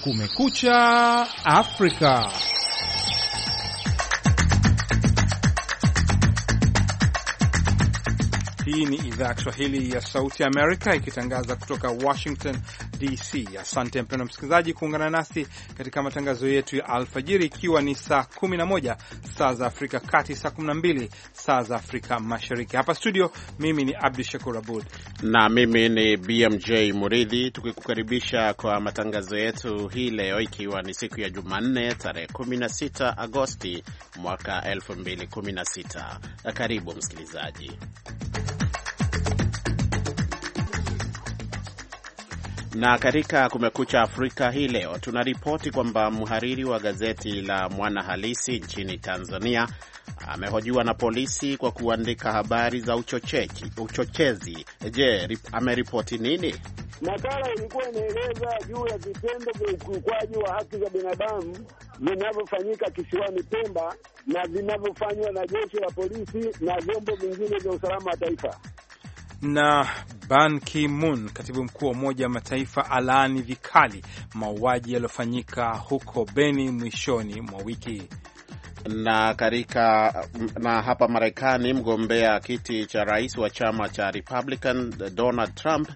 Kumekucha Afrika. Hii ni idhaa ya Kiswahili ya Sauti Amerika ikitangaza kutoka Washington DC. Asante mpendo msikilizaji kuungana nasi katika matangazo yetu ya alfajiri, ikiwa ni saa 11 saa za Afrika Kati, saa 12 saa za Afrika Mashariki. Hapa studio, mimi ni Abdu Shakur Abud na mimi ni BMJ Muridhi, tukikukaribisha kwa matangazo yetu hii leo, ikiwa ni siku ya Jumanne tarehe 16 Agosti mwaka 2016. Karibu msikilizaji. Na katika Kumekucha Afrika hii leo tunaripoti kwamba mhariri wa gazeti la mwana halisi nchini Tanzania amehojiwa na polisi kwa kuandika habari za uchochezi uchochezi. Je, ameripoti nini? Makala ilikuwa inaeleza juu ya vitendo vya ukiukwaji wa haki za binadamu vinavyofanyika kisiwani Pemba na vinavyofanywa na jeshi la polisi na vyombo vingine vya usalama wa taifa na Ban Ki-moon, katibu mkuu wa Umoja wa Mataifa, alaani vikali mauaji yaliyofanyika huko Beni mwishoni mwa wiki na katika na hapa Marekani, mgombea kiti cha rais wa chama cha Republican Donald Trump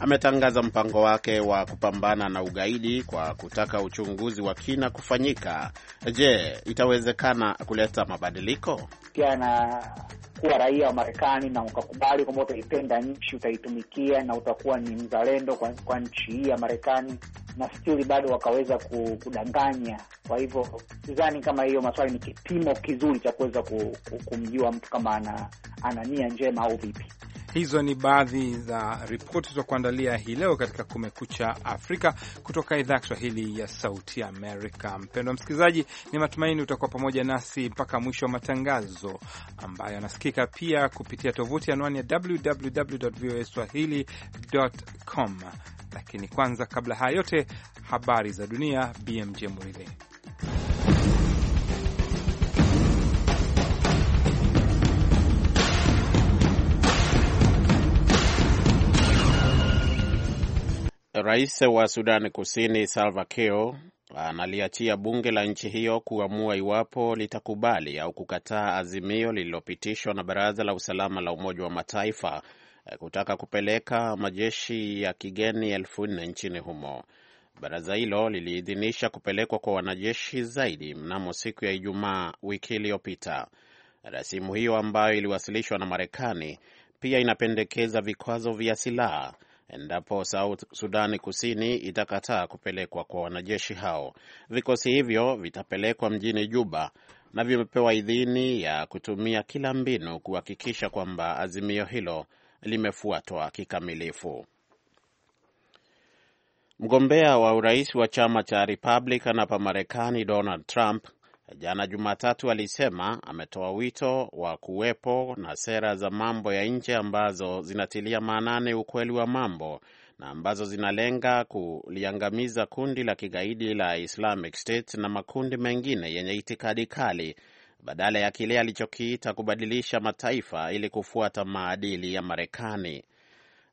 ametangaza mpango wake wa kupambana na ugaidi kwa kutaka uchunguzi wa kina kufanyika. Je, itawezekana kuleta mabadiliko? Pia kuwa raia wa Marekani na ukakubali kwamba utaipenda nchi, utaitumikia na utakuwa ni mzalendo kwa, kwa nchi hii ya Marekani, na stili bado wakaweza kudanganya. Kwa hivyo sidhani kama hiyo maswali ni kipimo kizuri cha kuweza kumjua mtu kama ana, ana nia njema au vipi. Hizo ni baadhi za ripoti za kuandalia hii leo katika Kumekucha Afrika kutoka idhaa ya Kiswahili ya Sauti Amerika. Mpendwa msikilizaji, ni matumaini utakuwa pamoja nasi mpaka mwisho wa matangazo ambayo yanasikika pia kupitia tovuti anwani ya www voa swahili.com. Lakini kwanza, kabla haya yote, habari za dunia. BMJ Muridhi. Rais wa Sudan Kusini Salva Kiir analiachia bunge la nchi hiyo kuamua iwapo litakubali au kukataa azimio lililopitishwa na Baraza la Usalama la Umoja wa Mataifa eh, kutaka kupeleka majeshi ya kigeni elfu nne nchini humo. Baraza hilo liliidhinisha kupelekwa kwa wanajeshi zaidi mnamo siku ya Ijumaa wiki iliyopita. Rasimu hiyo ambayo iliwasilishwa na Marekani pia inapendekeza vikwazo vya silaha endapo South Sudani Kusini itakataa kupelekwa kwa wanajeshi hao. Vikosi hivyo vitapelekwa mjini Juba na vimepewa idhini ya kutumia kila mbinu kuhakikisha kwamba azimio hilo limefuatwa kikamilifu. Mgombea wa urais wa chama cha Republican hapa Marekani, Donald Trump jana Jumatatu alisema ametoa wito wa kuwepo na sera za mambo ya nje ambazo zinatilia maanani ukweli wa mambo na ambazo zinalenga kuliangamiza kundi la kigaidi la Islamic State na makundi mengine yenye itikadi kali badala ya kile alichokiita kubadilisha mataifa ili kufuata maadili ya Marekani.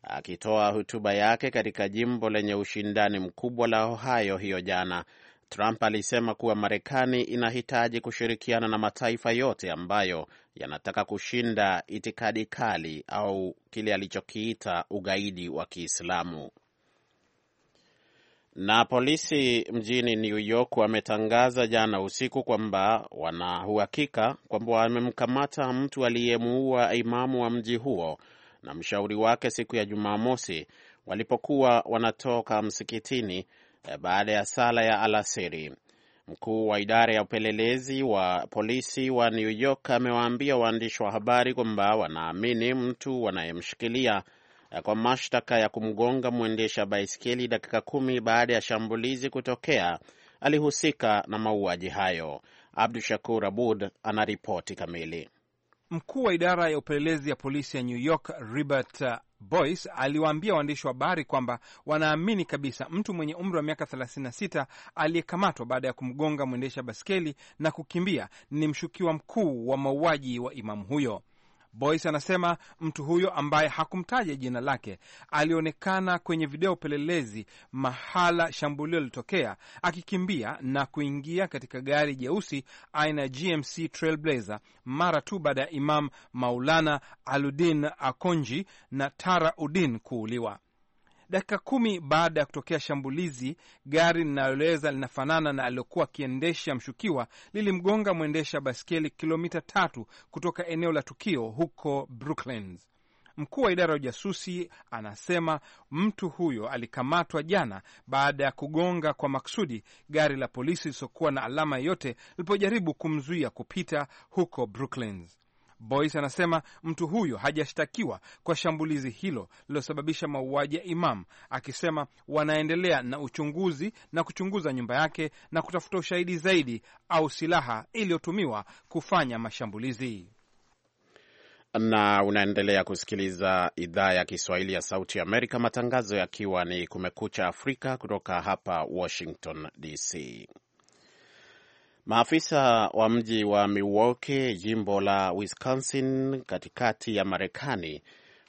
Akitoa hotuba yake katika jimbo lenye ushindani mkubwa la Ohio hiyo jana, Trump alisema kuwa Marekani inahitaji kushirikiana na mataifa yote ambayo yanataka kushinda itikadi kali au kile alichokiita ugaidi wa Kiislamu. Na polisi mjini New York wametangaza jana usiku kwamba wanauhakika kwamba wamemkamata mtu aliyemuua imamu wa mji huo na mshauri wake siku ya Jumamosi walipokuwa wanatoka msikitini baada ya sala ya alasiri. Mkuu wa idara ya upelelezi wa polisi wa New York amewaambia waandishi wa habari kwamba wanaamini mtu wanayemshikilia eh, kwa mashtaka ya kumgonga mwendesha baiskeli dakika kumi baada ya shambulizi kutokea alihusika na mauaji hayo. Abdu Shakur Abud ana ripoti kamili. Mkuu wa idara ya upelelezi ya polisi ya New York Robert Boyce aliwaambia waandishi wa habari kwamba wanaamini kabisa mtu mwenye umri wa miaka 36 aliyekamatwa baada ya kumgonga mwendesha baskeli na kukimbia ni mshukiwa mkuu wa mauaji wa imamu huyo. Boyce anasema mtu huyo ambaye hakumtaja jina lake alionekana kwenye video upelelezi mahala shambulio lilitokea akikimbia na kuingia katika gari jeusi aina ya GMC Trailblazer mara tu baada ya Imam Maulana Aludin Akonji na Tara Udin kuuliwa. Dakika kumi baada ya kutokea shambulizi, gari linaloeleza linafanana na aliyokuwa akiendesha mshukiwa lilimgonga mwendesha baskeli kilomita tatu kutoka eneo la tukio huko Brooklands. Mkuu wa idara ya ujasusi anasema mtu huyo alikamatwa jana baada ya kugonga kwa maksudi gari la polisi lisiokuwa na alama yoyote lilipojaribu kumzuia kupita huko Brooklands. Boyce anasema mtu huyo hajashtakiwa kwa shambulizi hilo lililosababisha mauaji ya Imam, akisema wanaendelea na uchunguzi na kuchunguza nyumba yake na kutafuta ushahidi zaidi au silaha iliyotumiwa kufanya mashambulizi na unaendelea kusikiliza idhaa ya Kiswahili ya Sauti Amerika, matangazo yakiwa ni Kumekucha Afrika kutoka hapa Washington DC. Maafisa wa mji wa Milwaukee, jimbo la Wisconsin, katikati ya Marekani,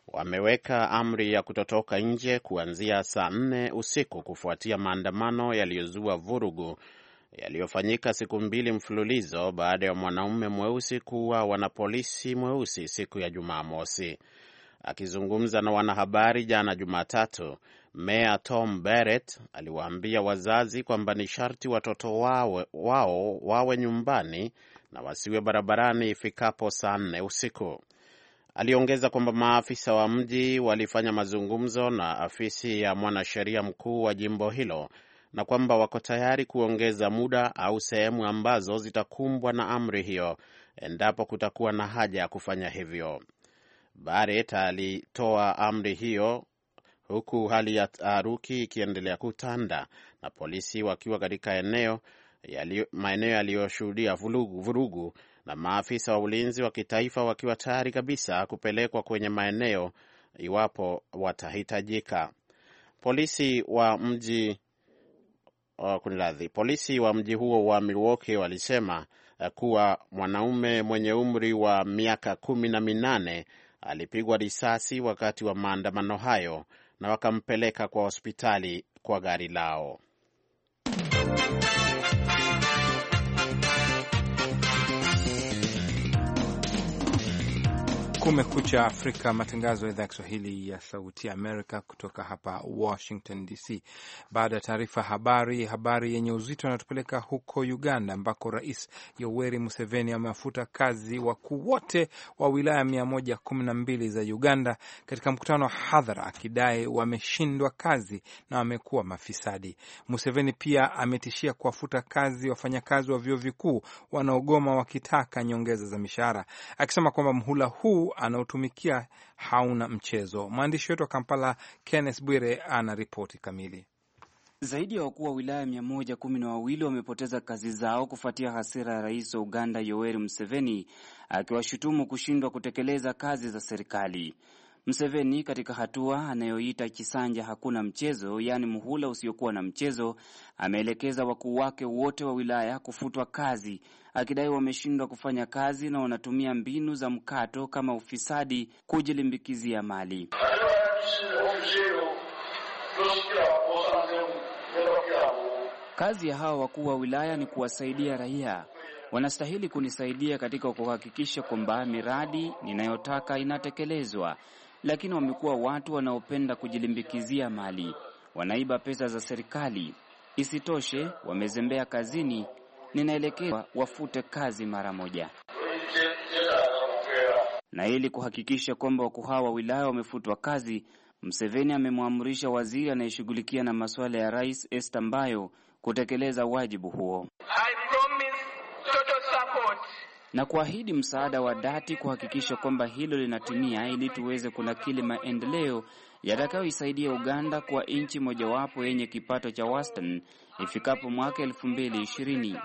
wameweka amri ya kutotoka nje kuanzia saa nne usiku kufuatia maandamano yaliyozua vurugu yaliyofanyika siku mbili mfululizo baada ya mwanaume mweusi kuuawa na polisi mweusi siku ya Jumamosi. Akizungumza na wanahabari jana Jumatatu, Meya Tom Barrett aliwaambia wazazi kwamba ni sharti watoto wao, wao wawe nyumbani na wasiwe barabarani ifikapo saa nne usiku. Aliongeza kwamba maafisa wa mji walifanya mazungumzo na afisi ya mwanasheria mkuu wa jimbo hilo na kwamba wako tayari kuongeza muda au sehemu ambazo zitakumbwa na amri hiyo endapo kutakuwa na haja ya kufanya hivyo. Barrett alitoa amri hiyo huku hali ya taharuki ikiendelea kutanda na polisi wakiwa katika eneo maeneo yaliyoshuhudia vurugu, vurugu na maafisa wa ulinzi wa kitaifa wakiwa tayari kabisa kupelekwa kwenye maeneo iwapo watahitajika. Polisi wa mji oh, kuniradhi, polisi wa mji huo wa Milwaukee walisema eh, kuwa mwanaume mwenye umri wa miaka kumi na minane alipigwa risasi wakati wa maandamano hayo na wakampeleka kwa hospitali kwa gari lao. Kumekucha Afrika, matangazo ya idhaa ya Kiswahili ya Sauti ya Amerika kutoka hapa Washington DC. Baada ya taarifa habari, habari yenye uzito anatupeleka huko Uganda ambako Rais Yoweri Museveni amewafuta kazi wakuu wote wa wilaya mbili za Uganda katika mkutano wa hadhara, akidai wameshindwa kazi na wamekuwa mafisadi. Museveni pia ametishia kuwafuta kazi wafanyakazi wa vyuo vikuu wanaogoma wakitaka nyongeza za mishahara, akisema kwamba mhula huu anaotumikia hauna mchezo. Mwandishi wetu wa Kampala, Kenneth Bwire, ana ripoti kamili. Zaidi ya wakuu wa wilaya mia moja kumi na wawili wamepoteza kazi zao kufuatia hasira ya rais wa Uganda Yoweri Museveni akiwashutumu kushindwa kutekeleza kazi za serikali. Mseveni katika hatua anayoita kisanja hakuna mchezo, yaani muhula usiokuwa na mchezo, ameelekeza wakuu wake wote wa wilaya kufutwa kazi, akidai wameshindwa kufanya kazi na wanatumia mbinu za mkato kama ufisadi kujilimbikizia mali. Kazi ya hawa wakuu wa wilaya ni kuwasaidia raia. Wanastahili kunisaidia katika kuhakikisha kwamba miradi ninayotaka inatekelezwa lakini wamekuwa watu wanaopenda kujilimbikizia mali, wanaiba pesa za serikali. Isitoshe, wamezembea kazini. Ninaelekea wafute kazi mara moja. Na ili kuhakikisha kwamba wakuu hawa wa wilaya wamefutwa kazi, Mseveni amemwamrisha waziri anayeshughulikia na masuala ya rais Esther Mbayo kutekeleza wajibu huo na kuahidi msaada wa dhati kuhakikisha kwamba hilo linatimia ili tuweze kunakili maendeleo yatakayoisaidia Uganda kuwa nchi mojawapo yenye kipato cha wastani ifikapo mwaka 2020.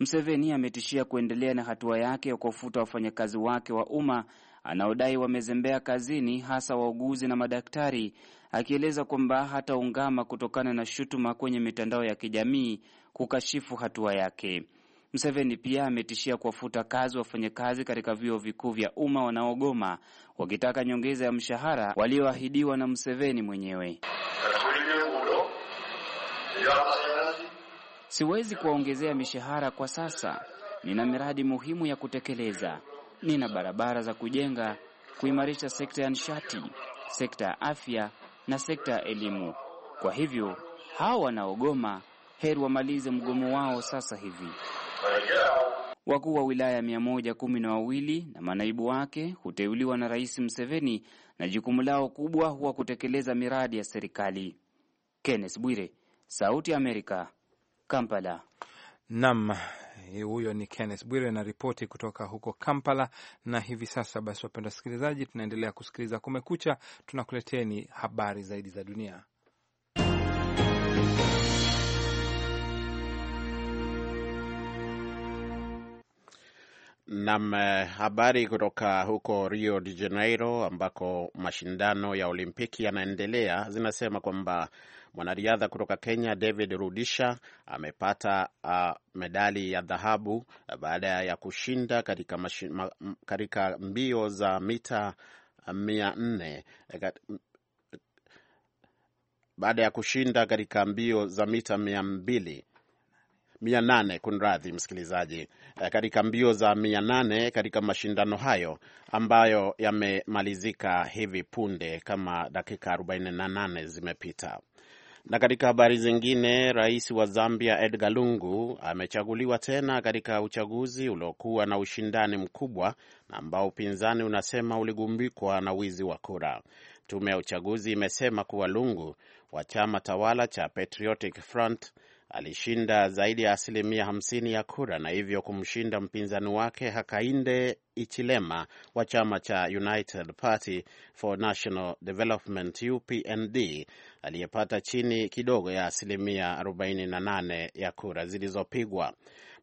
Mseveni ametishia kuendelea na hatua yake ya kuwafuta wafanyakazi wake wa umma anaodai wamezembea kazini, hasa wauguzi na madaktari, akieleza kwamba hataungama kutokana na shutuma kwenye mitandao ya kijamii kukashifu hatua yake. Mseveni pia ametishia kuwafuta kazi wafanyakazi katika vyuo vikuu vya umma wanaogoma wakitaka nyongeza ya mshahara walioahidiwa na Mseveni mwenyewe. Siwezi kuwaongezea mishahara kwa sasa, nina miradi muhimu ya kutekeleza, nina barabara za kujenga, kuimarisha sekta ya nishati, sekta ya afya na sekta ya elimu. Kwa hivyo hawa wanaogoma heri wamalize mgomo wao sasa hivi. Wakuu wa wilaya mia moja kumi na wawili na manaibu wake huteuliwa na Rais Mseveni na jukumu lao kubwa huwa kutekeleza miradi ya serikali. Kenneth Bwire, Sauti ya Amerika, Kampala. Nam, huyo ni Kenneth Bwire na ripoti kutoka huko Kampala. Na hivi sasa basi, wapenda wasikilizaji, tunaendelea kusikiliza Kumekucha, tunakuleteni habari zaidi za dunia. Nam, eh, habari kutoka huko Rio de Janeiro ambako mashindano ya Olimpiki yanaendelea zinasema kwamba mwanariadha kutoka Kenya David Rudisha amepata uh, medali ya dhahabu baada ya kushinda katika, ma, katika mbio za mita mia nne baada ya kushinda katika mbio za mita mia mbili mia nane kunradhi msikilizaji, eh, katika mbio za mia nane katika mashindano hayo ambayo yamemalizika hivi punde kama dakika 48 zimepita. Na katika habari zingine, rais wa Zambia Edgar Lungu amechaguliwa tena katika uchaguzi uliokuwa na ushindani mkubwa na ambao upinzani unasema uligumbikwa na wizi wa kura. Tume ya uchaguzi imesema kuwa Lungu wa chama tawala cha Patriotic Front alishinda zaidi ya asilimia 50 ya kura na hivyo kumshinda mpinzani wake Hakainde Ichilema wa chama cha United Party for National Development UPND aliyepata chini kidogo ya asilimia 48 ya kura zilizopigwa.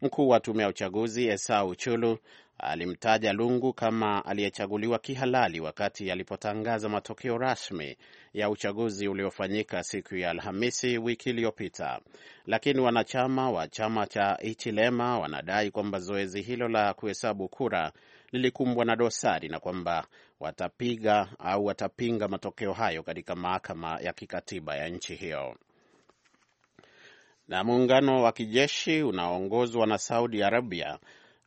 Mkuu wa tume ya uchaguzi Esau Chulu alimtaja Lungu kama aliyechaguliwa kihalali wakati alipotangaza matokeo rasmi ya uchaguzi uliofanyika siku ya Alhamisi wiki iliyopita, lakini wanachama wa chama cha Ichilema wanadai kwamba zoezi hilo la kuhesabu kura lilikumbwa na dosari na kwamba watapiga au watapinga matokeo hayo katika mahakama ya kikatiba ya nchi hiyo. Na muungano wa kijeshi unaoongozwa na Saudi Arabia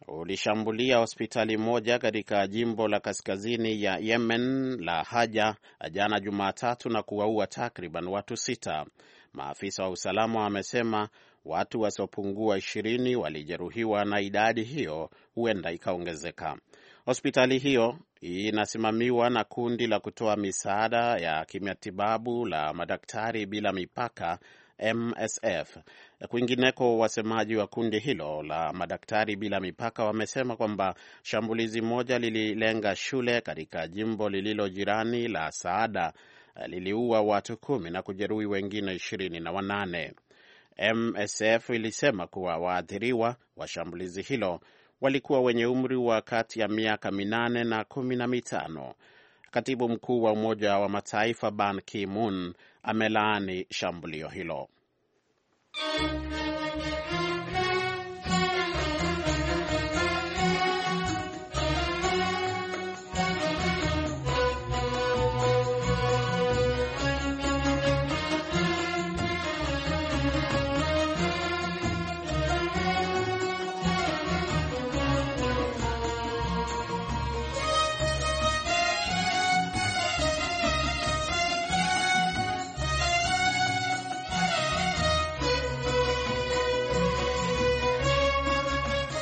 ulishambulia hospitali moja katika jimbo la kaskazini ya Yemen la Haja jana Jumatatu na kuwaua takriban watu sita. Maafisa wa usalama wamesema watu wasiopungua ishirini walijeruhiwa na idadi hiyo huenda ikaongezeka. Hospitali hiyo inasimamiwa na kundi la kutoa misaada ya kimatibabu la Madaktari Bila Mipaka, MSF, Kwingineko, wasemaji wa kundi hilo la Madaktari Bila Mipaka wamesema kwamba shambulizi moja lililenga shule katika jimbo lililo jirani la Saada, liliua watu kumi na kujeruhi wengine ishirini na wanane. MSF ilisema kuwa waathiriwa wa shambulizi hilo walikuwa wenye umri wa kati ya miaka minane na kumi na mitano. Katibu mkuu wa Umoja wa Mataifa Ban Ki-moon amelaani shambulio hilo. Thank you.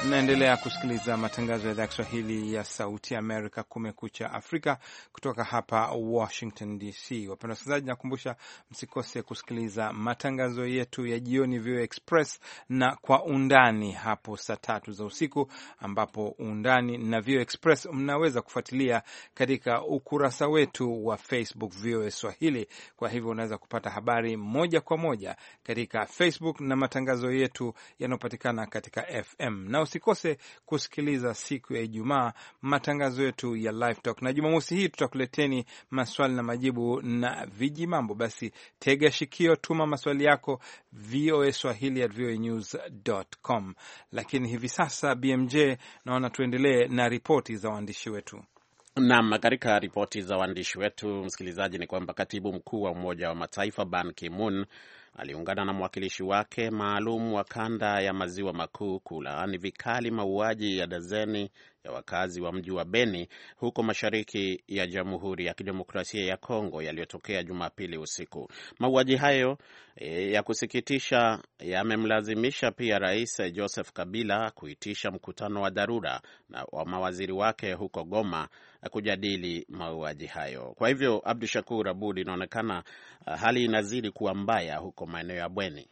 Naendelea kusikiliza matangazo ya idhaa ya Kiswahili ya Sauti ya Amerika, Kumekucha Afrika, kutoka hapa Washington DC. Wapenda wasikilizaji, nakumbusha msikose kusikiliza matangazo yetu ya jioni, VOA Express na Kwa Undani hapo saa tatu za usiku, ambapo Undani na VOA Express mnaweza kufuatilia katika ukurasa wetu wa Facebook VOA Swahili. Kwa hivyo unaweza kupata habari moja kwa moja katika Facebook na matangazo yetu yanayopatikana katika FM na Usikose kusikiliza siku ya Ijumaa matangazo yetu ya Live Talk, na Jumamosi hii tutakuleteni maswali na majibu na viji mambo. Basi tega shikio, tuma maswali yako VOA Swahili at com. Lakini hivi sasa, BMJ, naona tuendelee na ripoti za waandishi wetu. Nam, katika ripoti za waandishi wetu, msikilizaji, ni kwamba katibu mkuu wa Umoja wa Mataifa Ban Ki-moon aliungana na mwakilishi wake maalum wa kanda ya maziwa makuu kulaani vikali mauaji ya dazeni ya wakazi wa mji wa Beni huko mashariki ya Jamhuri ya Kidemokrasia ya Kongo yaliyotokea Jumapili usiku. Mauaji hayo e, ya kusikitisha yamemlazimisha pia Rais Joseph Kabila kuitisha mkutano wa dharura na wa mawaziri wake huko Goma kujadili mauaji hayo. Kwa hivyo, Abdu Shakur Abud, inaonekana hali inazidi kuwa mbaya huko huko maeneo ya bweni.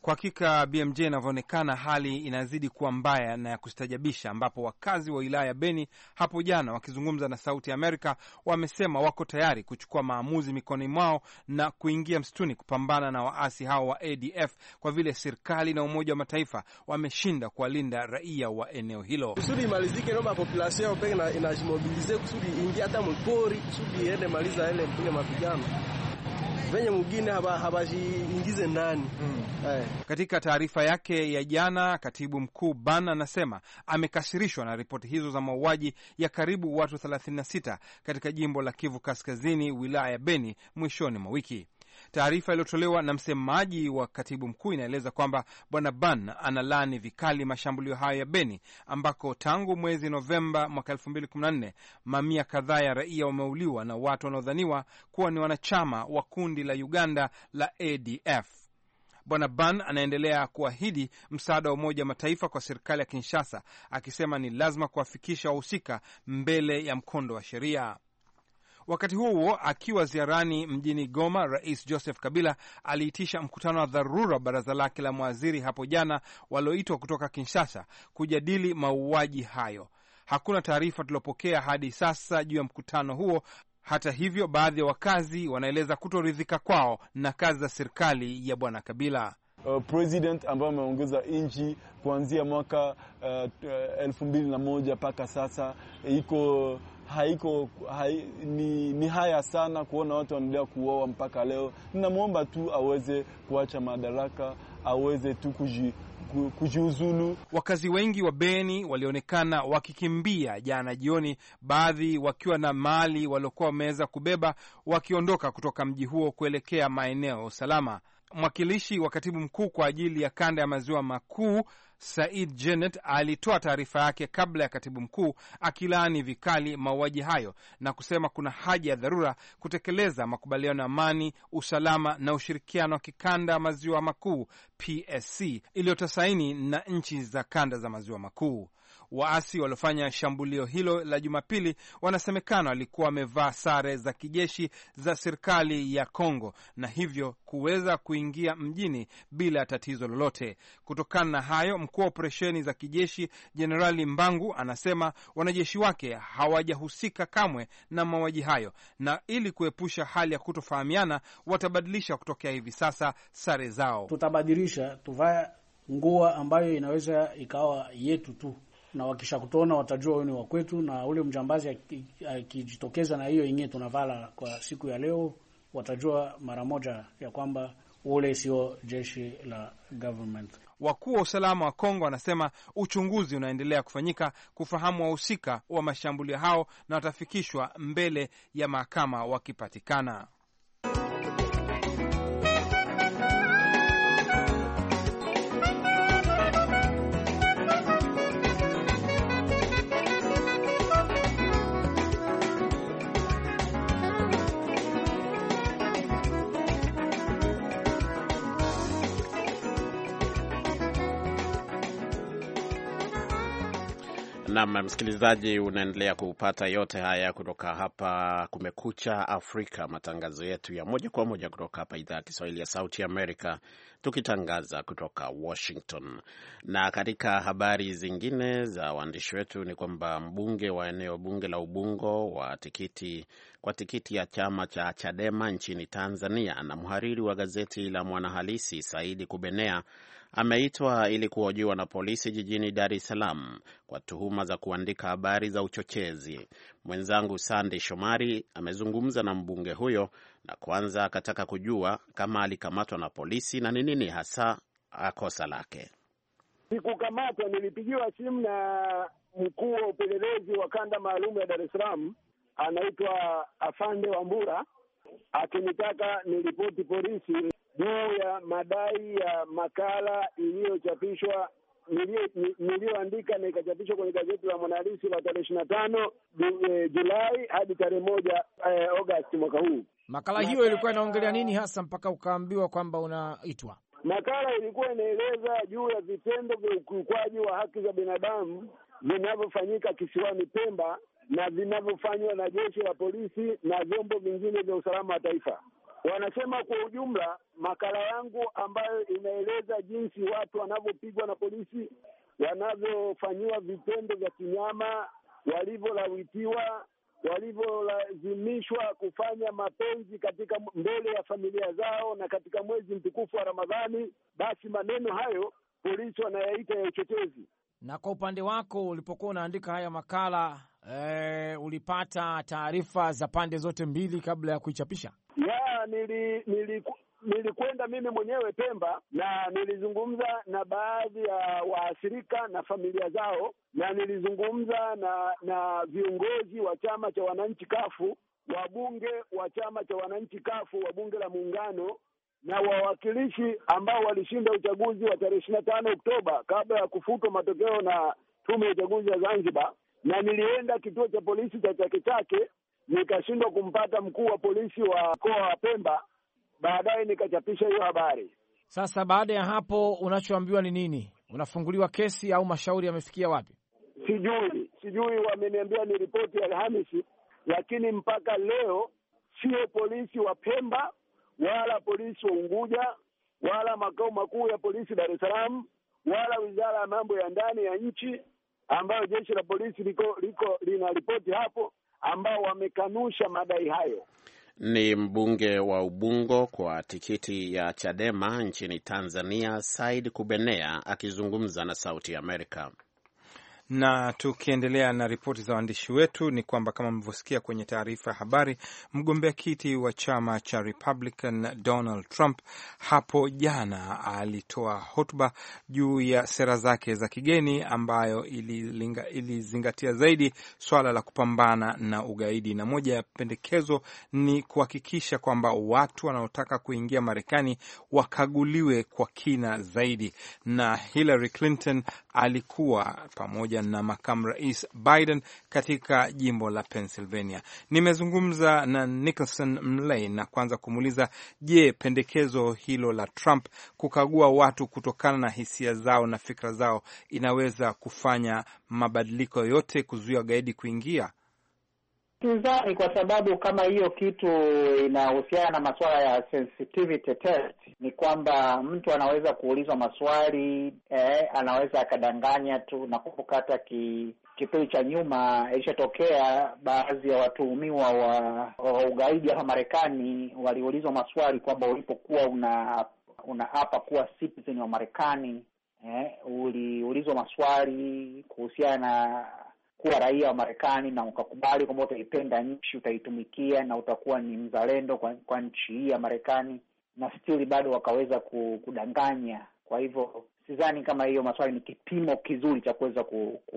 Kwa hakika BMJ, inavyoonekana hali inazidi kuwa mbaya na ya kustajabisha, ambapo wakazi wa wilaya ya Beni hapo jana wakizungumza na Sauti ya Amerika wamesema wako tayari kuchukua maamuzi mikononi mwao na kuingia msituni kupambana na waasi hao wa ADF kwa vile serikali na Umoja wa Mataifa wameshinda kuwalinda raia wa eneo hilo. Kusudi imalizike, naomba populasion yao pengine inajimobilize kusudi ingia hata mpori kusudi iende maliza ele mpige mapigano venye mwingine hawajiingize haba ndani mm. Eh. Katika taarifa yake ya jana, katibu mkuu Ban anasema amekasirishwa na ripoti hizo za mauaji ya karibu watu 36 katika jimbo la Kivu Kaskazini, wilaya ya Beni mwishoni mwa wiki. Taarifa iliyotolewa na msemaji wa katibu mkuu inaeleza kwamba bwana Ban analaani vikali mashambulio hayo ya Beni, ambako tangu mwezi Novemba mwaka 2014 mamia kadhaa ya raia wameuliwa na watu wanaodhaniwa kuwa ni wanachama wa kundi la Uganda la ADF. Bwana Ban anaendelea kuahidi msaada wa Umoja wa Mataifa kwa serikali ya Kinshasa, akisema ni lazima kuwafikisha wahusika mbele ya mkondo wa sheria. Wakati huo huo akiwa ziarani mjini Goma, Rais Joseph Kabila aliitisha mkutano wa dharura baraza lake la mawaziri hapo jana, walioitwa kutoka Kinshasa kujadili mauaji hayo. Hakuna taarifa tuliopokea hadi sasa juu ya mkutano huo. Hata hivyo, baadhi ya wakazi wanaeleza kutoridhika kwao na kazi za serikali ya Bwana Kabila. Uh, president ambayo ameongeza nchi kuanzia mwaka uh, uh, elfu mbili na moja mpaka sasa uh, iko haiko hai, ni, ni haya sana kuona watu wanaendelea kuoa mpaka leo. Ninamwomba tu aweze kuacha madaraka, aweze tu kuji kujiuzulu. Wakazi wengi wa Beni walionekana wakikimbia jana jioni, baadhi wakiwa na mali waliokuwa wameweza kubeba, wakiondoka kutoka mji huo kuelekea maeneo salama. Mwakilishi wa katibu mkuu kwa ajili ya kanda ya maziwa makuu Said Jenet alitoa taarifa yake kabla ya katibu mkuu akilaani vikali mauaji hayo na kusema kuna haja ya dharura kutekeleza makubaliano ya amani, usalama na ushirikiano wa kikanda ya maziwa makuu PSC iliyotasaini na nchi za kanda za maziwa makuu. Waasi waliofanya shambulio hilo la Jumapili wanasemekana walikuwa wamevaa sare za kijeshi za serikali ya Kongo na hivyo kuweza kuingia mjini bila ya tatizo lolote. Kutokana na hayo, mkuu wa operesheni za kijeshi Jenerali Mbangu anasema wanajeshi wake hawajahusika kamwe na mauaji hayo, na ili kuepusha hali ya kutofahamiana watabadilisha kutokea hivi sasa sare zao. Tutabadilisha, tuvae nguo ambayo inaweza ikawa yetu tu na wakishakutuona watajua wewe ni wa kwetu, na ule mjambazi akijitokeza na hiyo yenyewe tunavala kwa siku ya leo, watajua mara moja ya kwamba ule sio jeshi la government. Wakuu wa usalama wa Kongo wanasema uchunguzi unaendelea kufanyika kufahamu wahusika wa, wa mashambulio hao na watafikishwa mbele ya mahakama wakipatikana. Nam msikilizaji, unaendelea kupata yote haya kutoka hapa Kumekucha Afrika, matangazo yetu ya moja kwa moja kutoka hapa idhaa ya Kiswahili ya Sauti Amerika, tukitangaza kutoka Washington. Na katika habari zingine za waandishi wetu ni kwamba mbunge wa eneo bunge la Ubungo wa tikiti kwa tikiti ya chama cha Chadema nchini Tanzania na mhariri wa gazeti la Mwanahalisi Saidi Kubenea ameitwa ili kuhojiwa na polisi jijini Dar es Salaam kwa tuhuma za kuandika habari za uchochezi. Mwenzangu Sandey Shomari amezungumza na mbunge huyo na kwanza akataka kujua kama alikamatwa na polisi na ni nini hasa akosa lake. Sikukamatwa, nilipigiwa simu na mkuu wa upelelezi wa kanda maalum ya Dar es Salaam, anaitwa Afande Wambura akinitaka niripoti polisi juu ya madai ya makala iliyochapishwa niliyoandika na ikachapishwa kwenye gazeti la Mwanahalisi la tarehe ishirini na tano eh, Julai hadi tarehe moja eh, Agosti mwaka huu. Makala hiyo ilikuwa inaongelea nini hasa mpaka ukaambiwa kwamba unaitwa? Makala ilikuwa inaeleza juu ya vitendo vya ukiukwaji wa haki za binadamu vinavyofanyika kisiwani Pemba na vinavyofanywa na jeshi la polisi na vyombo vingine vya usalama wa taifa. Wanasema kwa ujumla, makala yangu ambayo inaeleza jinsi watu wanavyopigwa na polisi, wanavyofanyiwa vitendo vya kinyama, walivyolawitiwa, walivyolazimishwa kufanya mapenzi katika mbele ya familia zao na katika mwezi mtukufu wa Ramadhani, basi maneno hayo polisi wanayaita ya uchochezi. Na kwa upande wako ulipokuwa unaandika haya makala e, ulipata taarifa za pande zote mbili kabla ya kuichapisha? Yeah, nili, nili nilikwenda mimi mwenyewe Pemba na nilizungumza na baadhi ya waathirika na familia zao, na nilizungumza na na viongozi wa chama cha wananchi kafu, wabunge wa chama cha wananchi kafu wa bunge la muungano na wawakilishi ambao walishinda uchaguzi wa tarehe ishirini na tano Oktoba kabla ya kufutwa matokeo na tume ya uchaguzi ya Zanzibar na nilienda kituo cha polisi cha Chake Chake nikashindwa kumpata mkuu wa polisi wa mkoa wa Pemba. Baadaye nikachapisha hiyo habari. Sasa baada ya hapo, unachoambiwa ni nini? Unafunguliwa kesi au mashauri yamefikia wapi? Sijui, sijui. Wameniambia ni ripoti ya Alhamisi, lakini mpaka leo sio polisi wa Pemba wala polisi wa Unguja wala makao makuu ya polisi Dar es Salaam wala wizara ya mambo ya ndani ya nchi ambayo jeshi la polisi liko, liko ripoti hapo ambao wamekanusha madai hayo. Ni mbunge wa Ubungo kwa tikiti ya Chadema nchini Tanzania, Said Kubenea akizungumza na Sauti Amerika. Na tukiendelea na ripoti za waandishi wetu ni kwamba kama mlivyosikia kwenye taarifa ya habari, mgombea kiti wa chama cha Republican Donald Trump hapo jana alitoa hotuba juu ya sera zake za kigeni ambayo ilizingatia zaidi swala la kupambana na ugaidi, na moja ya pendekezo ni kuhakikisha kwamba watu wanaotaka kuingia Marekani wakaguliwe kwa kina zaidi, na Hillary Clinton alikuwa pamoja na makamu rais Biden katika jimbo la Pennsylvania. Nimezungumza na Nicholson Mlay na kwanza kumuuliza, je, pendekezo hilo la Trump kukagua watu kutokana na hisia zao na fikra zao inaweza kufanya mabadiliko yote kuzuia gaidi kuingia Sidhani kwa sababu kama hiyo kitu inahusiana na masuala ya sensitivity test, ni kwamba mtu anaweza kuulizwa maswali eh, anaweza akadanganya tu. Nakumbuka hata ki kipindi cha nyuma ilishatokea baadhi ya watuhumiwa wa, wa ugaidi hapa Marekani waliulizwa maswali kwamba ulipokuwa una unaapa kuwa citizen wa Marekani eh, uliulizwa maswali kuhusiana na kuwa raia wa Marekani na ukakubali kwamba utaipenda nchi, utaitumikia na utakuwa ni mzalendo kwa, kwa nchi hii ya Marekani, na stili bado wakaweza kudanganya. Kwa hivyo sidhani kama hiyo maswali ni kipimo kizuri cha kuweza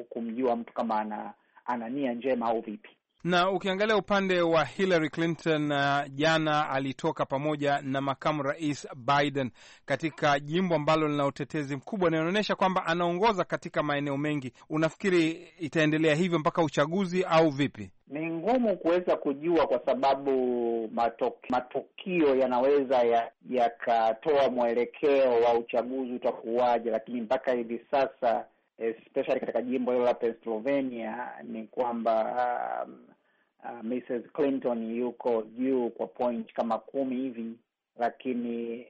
kumjua mtu kama ana ana nia njema au vipi. Na ukiangalia upande wa Hillary Clinton, uh, jana alitoka pamoja na makamu rais Biden katika jimbo ambalo lina utetezi mkubwa na inaonyesha kwamba anaongoza katika maeneo mengi. Unafikiri itaendelea hivyo mpaka uchaguzi au vipi? Ni ngumu kuweza kujua kwa sababu matoki, matukio yanaweza yakatoa ya mwelekeo wa uchaguzi utakuwaje, lakini mpaka hivi sasa especially katika jimbo hilo la Pennsylvania ni kwamba um, uh, Mrs Clinton yuko juu kwa point kama kumi hivi, lakini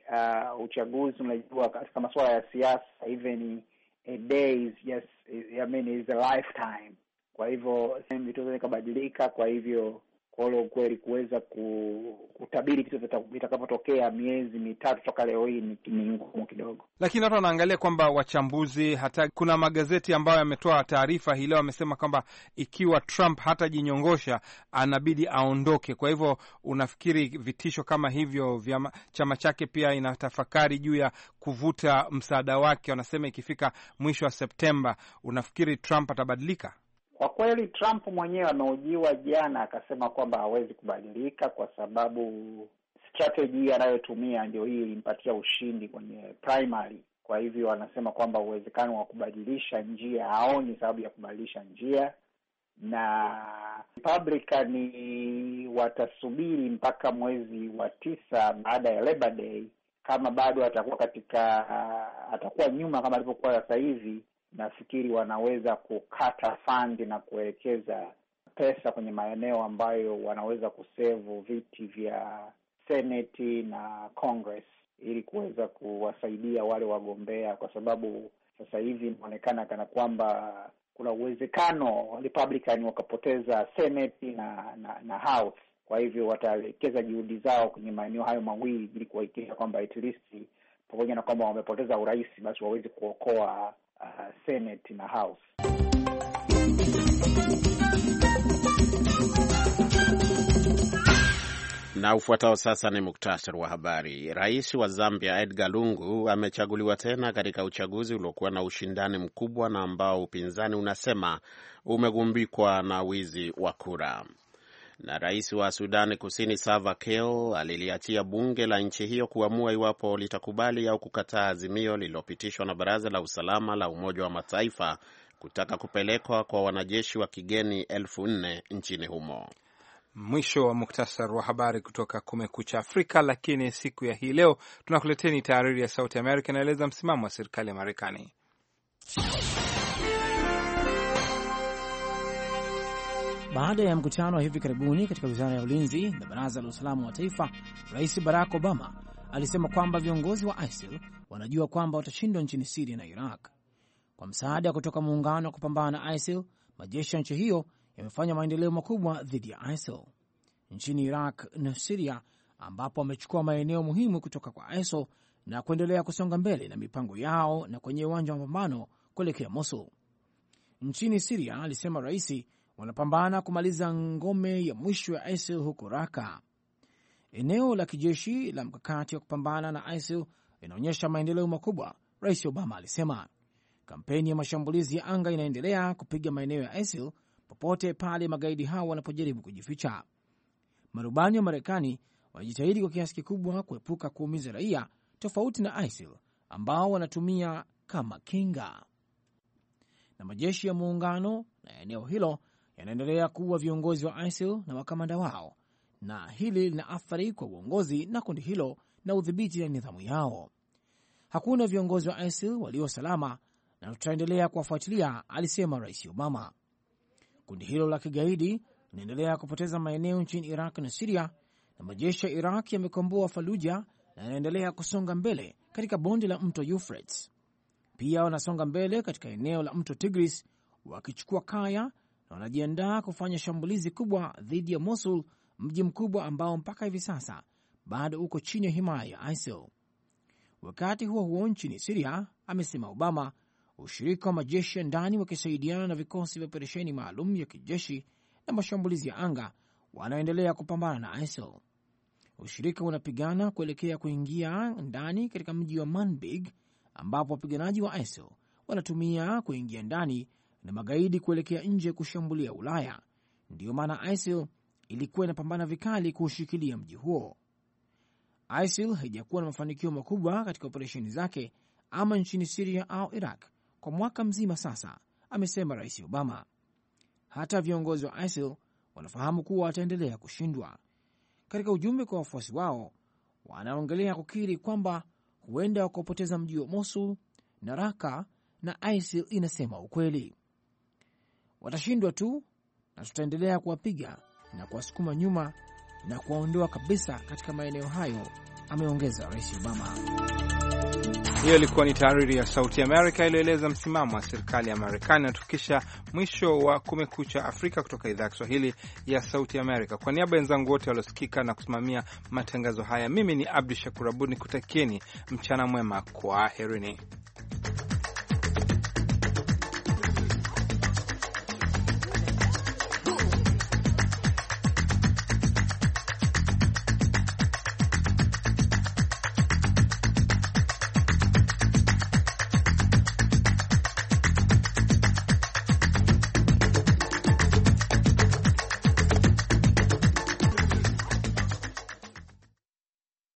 uh, uchaguzi unajua, katika masuala ya siasa even a days yes, I mean, is a lifetime. Kwa hivyo vitu vikabadilika, kwa hivyo kwa ule ukweli kuweza kutabiri vitu vitakavyotokea miezi mitatu toka leo hii ni, ngumu kidogo, lakini watu wanaangalia kwamba wachambuzi, hata kuna magazeti ambayo yametoa taarifa hii leo, amesema kwamba ikiwa Trump hatajinyongosha anabidi aondoke. Kwa hivyo unafikiri vitisho kama hivyo vya chama chake pia inatafakari juu ya kuvuta msaada wake? Wanasema ikifika mwisho wa Septemba, unafikiri Trump atabadilika? Kwa kweli Trump mwenyewe ameujiwa jana, akasema kwamba hawezi kubadilika kwa sababu strategy anayotumia ndio hii ilimpatia ushindi kwenye primary. Kwa hivyo anasema kwamba uwezekano wa kubadilisha njia haoni sababu ya kubadilisha njia, na Republican watasubiri mpaka mwezi wa tisa baada ya Labor Day, kama bado atakuwa katika, atakuwa nyuma kama alivyokuwa sasa hivi nafikiri wanaweza kukata fandi na kuelekeza pesa kwenye maeneo ambayo wanaweza kusevu viti vya seneti na Congress ili kuweza kuwasaidia wale wagombea, kwa sababu sasa hivi inaonekana kana kwamba kuna uwezekano Republican wakapoteza seneti na, na na House. Kwa hivyo wataelekeza juhudi zao kwenye maeneo hayo mawili ili kuhakikisha kwamba at least pamoja na kwamba wamepoteza urais, basi waweze kuokoa uh, Senate na House. Na ufuatao sasa ni muktasari wa habari. Rais wa Zambia Edgar Lungu amechaguliwa tena katika uchaguzi uliokuwa na ushindani mkubwa na ambao upinzani unasema umegumbikwa na wizi wa kura na rais wa Sudan Kusini Salva Kiir aliliachia bunge la nchi hiyo kuamua iwapo litakubali au kukataa azimio lililopitishwa na Baraza la Usalama la Umoja wa Mataifa kutaka kupelekwa kwa wanajeshi wa kigeni elfu nne nchini humo. Mwisho wa muktasar wa habari kutoka Kumekucha Afrika. Lakini siku ya hii leo tunakuleteni tahariri ya Sauti Amerika inaeleza msimamo wa serikali ya Marekani. Baada ya mkutano wa hivi karibuni katika wizara ya ulinzi na baraza la usalama wa taifa, Rais Barack Obama alisema kwamba viongozi wa ISIL wanajua kwamba watashindwa nchini Siria na Iraq. Kwa msaada kutoka muungano wa kupambana na ISIL, majeshi ya nchi hiyo yamefanya maendeleo makubwa dhidi ya ISIL nchini Iraq na Siria, ambapo wamechukua maeneo muhimu kutoka kwa ISIL na kuendelea kusonga mbele na mipango yao na kwenye uwanja wa mapambano kuelekea Mosul. Nchini Siria, alisema raisi, wanapambana kumaliza ngome ya mwisho ya ISIL huko Raka. Eneo la kijeshi la mkakati wa kupambana na ISIL linaonyesha maendeleo makubwa, Rais Obama alisema. Kampeni ya mashambulizi ya anga inaendelea kupiga maeneo ya ISIL popote pale magaidi hao wanapojaribu kujificha. Marubani wa Marekani wanajitahidi kwa kiasi kikubwa kuepuka kuumiza raia, tofauti na ISIL ambao wanatumia kama kinga. Na majeshi ya muungano na eneo hilo yanaendelea kuwa viongozi wa ISIL na wakamanda wao, na hili lina athari kwa uongozi na kundi hilo na udhibiti na nidhamu yao. Hakuna viongozi wa ISIL walio salama na tutaendelea kuwafuatilia, alisema Rais Obama. Kundi hilo la kigaidi linaendelea kupoteza maeneo nchini Iraq na Siria, na majeshi ya Iraq yamekomboa Faluja na yanaendelea kusonga mbele katika bonde la mto Euphrates. Pia wanasonga mbele katika eneo la mto Tigris wakichukua Kaya na wanajiandaa kufanya shambulizi kubwa dhidi ya Mosul, mji mkubwa ambao mpaka hivi sasa bado uko chini ya himaya ya ISIL. Wakati huo huo, nchini Siria, amesema Obama, ushirika wa majeshi ya ndani wakisaidiana na vikosi vya operesheni maalum ya kijeshi na mashambulizi ya anga wanaendelea kupambana na ISIL. Ushirika unapigana kuelekea kuingia ndani katika mji wa manbig ambapo wapiganaji wa ISIL wanatumia kuingia ndani na magaidi kuelekea nje kushambulia Ulaya. Ndiyo maana ISIL ilikuwa inapambana vikali kuushikilia mji huo. ISIL haijakuwa na mafanikio makubwa katika operesheni zake ama nchini Siria au Iraq kwa mwaka mzima sasa, amesema Rais Obama. Hata viongozi wa ISIL wanafahamu kuwa wataendelea kushindwa. Katika ujumbe kwa wafuasi wao, wanaongelea kukiri kwamba huenda wakaopoteza mji wa Mosul na Raka, na ISIL inasema ukweli watashindwa tu, na tutaendelea kuwapiga na kuwasukuma nyuma na kuwaondoa kabisa katika maeneo hayo, ameongeza Rais Obama. Hiyo ilikuwa ni tahariri ya Sauti Amerika iliyoeleza msimamo wa serikali ya Marekani. Natufikisha mwisho wa Kumekucha Afrika kutoka idhaa ya Kiswahili ya Sauti Amerika. Kwa niaba ya wenzangu wote waliosikika na kusimamia matangazo haya, mimi ni Abdu Shakur Abud ni kutakieni mchana mwema, kwa herini